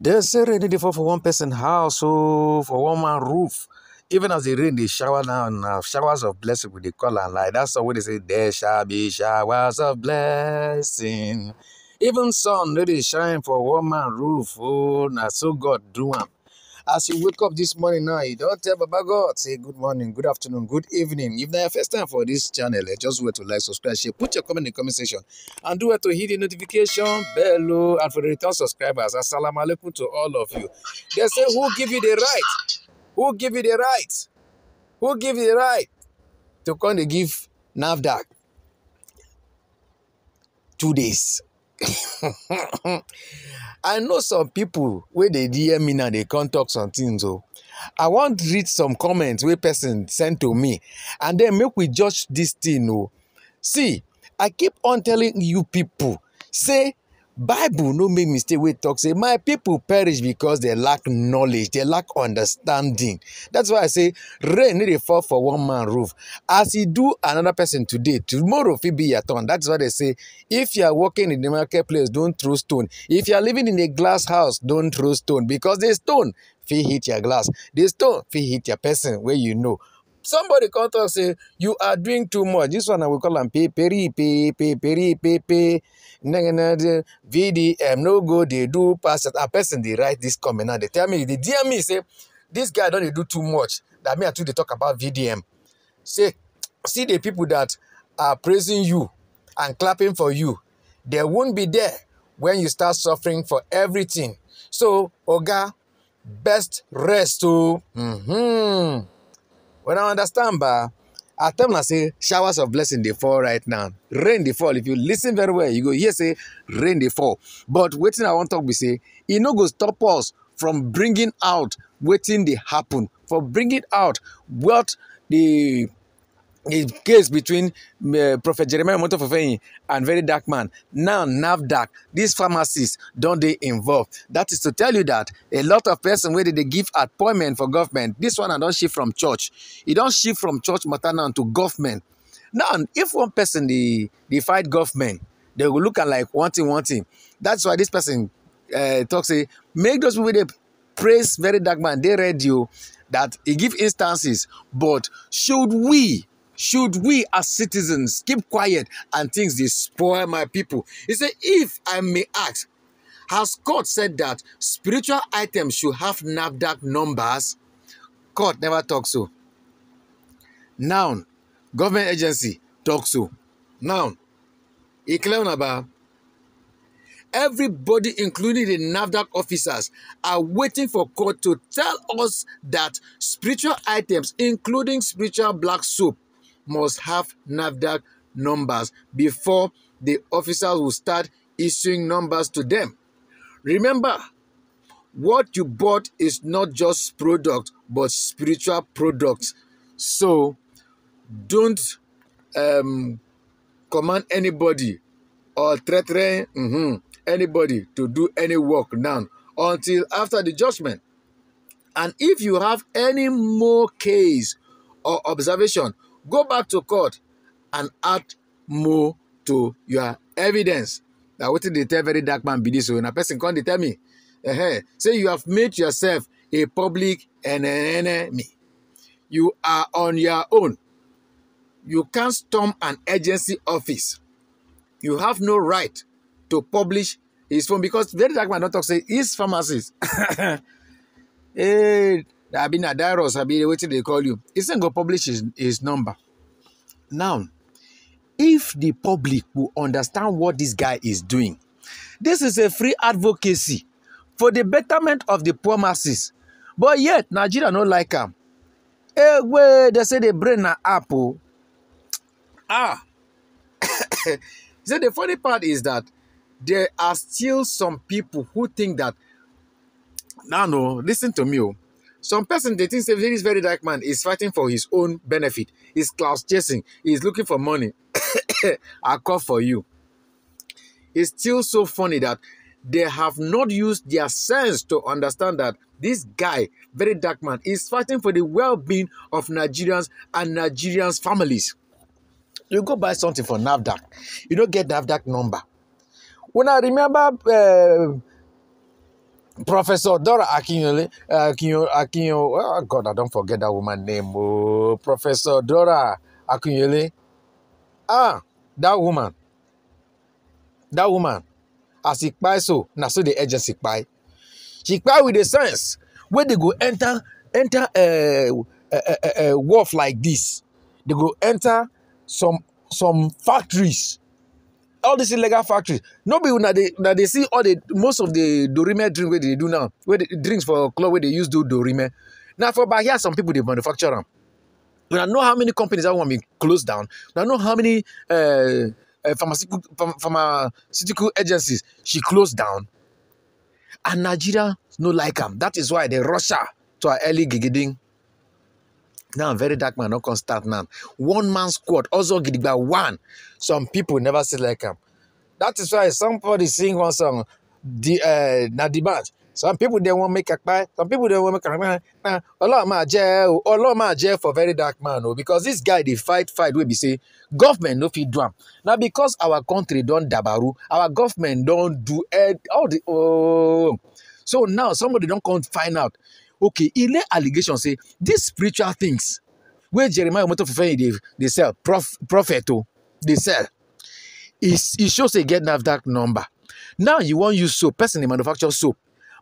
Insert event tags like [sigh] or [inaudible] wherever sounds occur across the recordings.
They say rain dey fall for one person house, oh, for one man roof. Even as the rain the shower now, now showers of blessing we the color. like that's the way they say there shall be showers of blessing. Even sun they shine for one man roof, oh, now so God do am. As you wake up this morning now, you don't tell Baba God, say good morning, good afternoon, good evening. If not your first time for this channel, eh, just wait to like, subscribe, share, put your comment in the comment section, and do wait to hit the notification bell, oh, and for the return subscribers, assalamu alaikum to all of you. They say, who give you the right? Who give you the right? Who give you the right to come and give NAFDAC two days? [laughs] i know some people where they DM me now they can't talk some things Oh, i wan read some comments where person sent to me and then make we judge this thing Oh, see i keep on telling you people. say bible no make mistake with talk say my people perish because they lack knowledge they lack understanding that's why i say rain need dey fall for one man roof as he do another person today tomorrow fit be your turn that's why they say if you are walking in the marketplace not throw stone if you are living in a glass house don't throw stone because the stone fee hit your glass the stone fee hit your person where you know somebody come talk say you are doing too much this one i will call am peperi peperi pepe vdm no go dey do pastor and person dey write this comment now dey tell me dey dear me say this guy don dey do too much that me i too dey talk about vdm say see the people that are praising you and clapping for you they won't be there when you start suffering for everything so oga best rest o. Oh. Mm-hmm. When I understand, but I times I say showers of blessing they fall right now. Rain they fall. If you listen very well, you go yes, say rain they fall. But waiting, I want to talk. We say it no go stop us from bringing out waiting they happen for bringing out what the a case between uh, Prophet Jeremiah and Very Dark Man. Now, NAVDAC, these pharmacists, don't they involve? That is to tell you that a lot of person whether they give appointment for government, this one I don't shift from church. It don't shift from church maternal to government. Now, if one person, they, they fight government, they will look at like wanting, wanting. That's why this person uh, eh, talks, say, make those people, they praise Very Dark Man, they read you, that he give instances, but should we should we as citizens keep quiet and things they spoil my people? He said, if I may ask, has God said that spiritual items should have NAVDAC numbers? God never talks so. Noun, government agency talks so. Noun, he claimed about everybody, including the NAVDAC officers, are waiting for God to tell us that spiritual items, including spiritual black soup must have NAFDAC numbers before the officers will start issuing numbers to them. Remember, what you bought is not just product but spiritual products. So don't um, command anybody or threaten mm -hmm, anybody to do any work now until after the judgment. And if you have any more case or observation Go back to court and add more to your evidence. na wetin dey tell very dark man be this o oh. na person come dey tell me uh -huh, say you have made yourself a public enemy you are on your own you can't storm an agency office you have no right to publish his phone because very dark man don talk say his pharmacist [laughs] hey, have been Abin have been waiting they call you. He's not going to publish his, his number. Now, if the public will understand what this guy is doing, this is a free advocacy for the betterment of the poor masses. But yet, Nigeria not like him. Hey, wait, they say they brain an apple. Oh. Ah. so [coughs] the funny part is that there are still some people who think that, no, no, listen to me. oh. Some person they think this very dark man is fighting for his own benefit. He's class chasing. He's looking for money. [coughs] I call for you. It's still so funny that they have not used their sense to understand that this guy, very dark man, is fighting for the well-being of Nigerians and Nigerians' families. You go buy something for NAVDAC. You don't get NAVDAC number. When I remember uh, Professor Dora Akinyole, Akinyo, Akinyo, oh God, I don't forget that woman's name. Oh, Professor Dora Akinyole. Ah, that woman. That woman. As it buy so, now so the agency buy. She buy with the sense where they go enter enter a a a a uh, wharf like this. They go enter some some factories all these illegal factories Nobody be they dey they see all the most of the dorime drink where they do now Where dey drinks for club where they use do dorime Now for back here some people they manufacture them. We don't know how many companies that want to be closed down We don't know how many uh, uh, pharmaceutical pharmaceutical agencies she closed down and nigeria no like them. that is why they rush her to her early gigiding Now, very dark man, not constant now. One man squad, also Gidigba one. Some people never see like him. Um, that is why somebody sing one song, the uh, eh, Nadibat. Some people they won't make a pie. Some people they won't make a pie. Nah, a lot of my jail, a lot of my jail for very dark man. Oh, because this guy they fight, fight. We be say government no fit do am. Now because our country don dabaru, our government don do all the oh. So now somebody don't come find out. okay he lay allegation say these spiritual things where jeremiah omoto fufeyin they sell prof, prophet o dey sell e e show get nafdac number now you want use soap person manufacture soap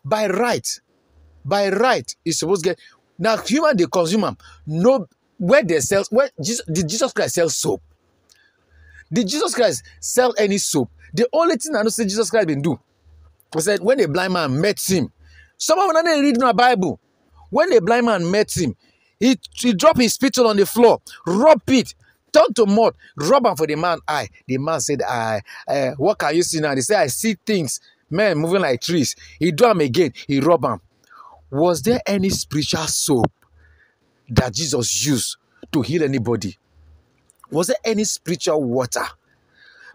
by right by right supposed to get Now human the consume no where they sell where jesus did jesus christ sell soap did jesus christ sell any soap the only thing i know say jesus christ bin do I that when a blind man met him some of didn't read my bible when the blind man met him, he, he dropped his spittle on the floor, rub it, turn to mud, rub him for the man eye. The man said, I, uh, what can you see now? He said, I see things, men moving like trees. He do him again, he rub him. Was there any spiritual soap that Jesus used to heal anybody? Was there any spiritual water?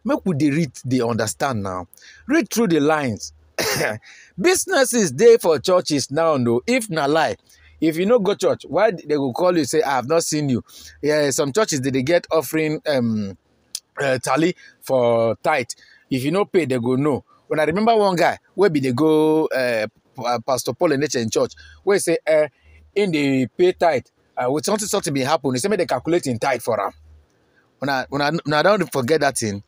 Make we they read, they understand now. Read through the lines. [coughs] business is dey for churches now no if na lie if you no go church why they go call you say i have not seen you yeah some churches did they get offering um, uh, tally for tithe if you no pay they go no. when i remember one guy where be they go uh, uh, pastor paul and in church he say uh, eh, the pay tithe uh, with something something bin happen he say make they calculate him tithe for I when I don't forget that thing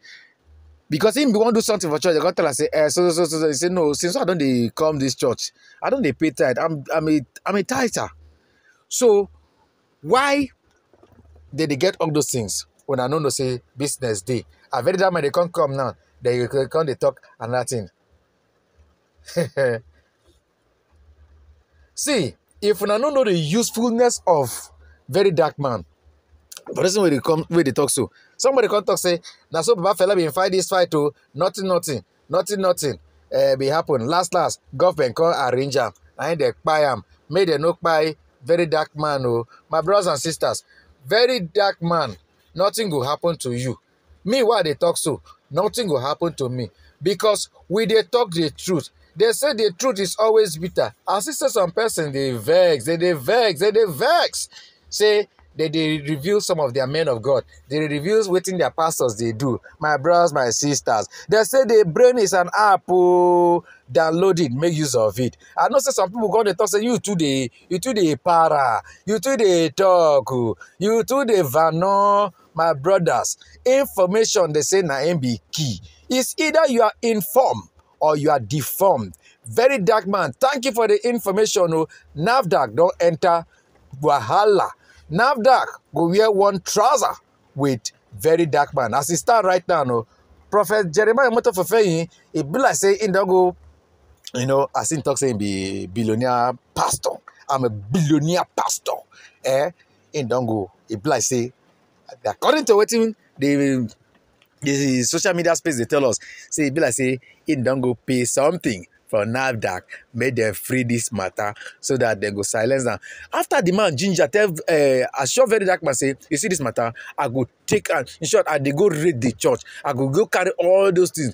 because if we want to do something for church they go tell am say eh so so so so he say no since i don dey come this church i don dey pay tithe i'm i'm a i'm a tither so why dey dey get all those things when i no know say business dey and very that man dey come come now then you go come dey talk another thing [laughs] see if una no know the usefulness of very dark man for person wey dey come wey dey talk so somebody come talk say na so baba fela bin fight dis fight o oh. nothing nothing nothing nothing uh, eh, bin happen last last government come arrange am na im dey kpai am make dem no kpai very dark man o oh. my brothers and sisters very dark man nothing go happen to you me wey i dey talk so nothing go happen to me because we dey talk the truth they say the truth is always bitter i see say some person dey vex they dey vex they dey vex say they, they reveal some of their men of God. They reveal what their pastors they do. My brothers, my sisters. They say the brain is an app, oh, download it, make use of it. I know say some people go on the talk say you too they you too they para, you too they talk, oh. you too they vano. My brothers, information they say na be key. It's either you are informed or you are deformed. Very dark man. Thank you for the information. Oh. dark. don't enter Wahala. NAFDAC go wear one trouser with very dark man. As he stand right now, no, Prophet Jeremiah Motofefeyin, e be like say e don go, you know, as he talks, he be billionaire pastor. I'm a billionaire pastor. Eh? E don go. E be like say, according to wetin the the social media space they tell us, say e be like say e don go pay something from nafdac make dem free dis matter so dat dem go silence am After di man ginger tell uh, assure very dark man say you see dis matter i go take am in short i dey go raid di church i go go carry all those things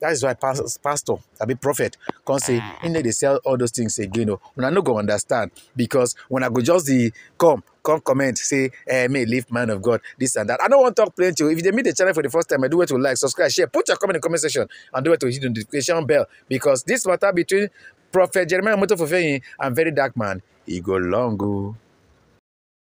that is why pastor big prophet can say ah. In there they sell all those things again o oh. not no go understand because when I go just the come come comment say eh may leave man of god this and that i want to talk plenty o oh. if you meet the channel for the first time i do it to like subscribe share put your comment in comment section and do it to hit the notification bell because this matter between prophet jeremiah motofofeyin and very dark man He go long oh.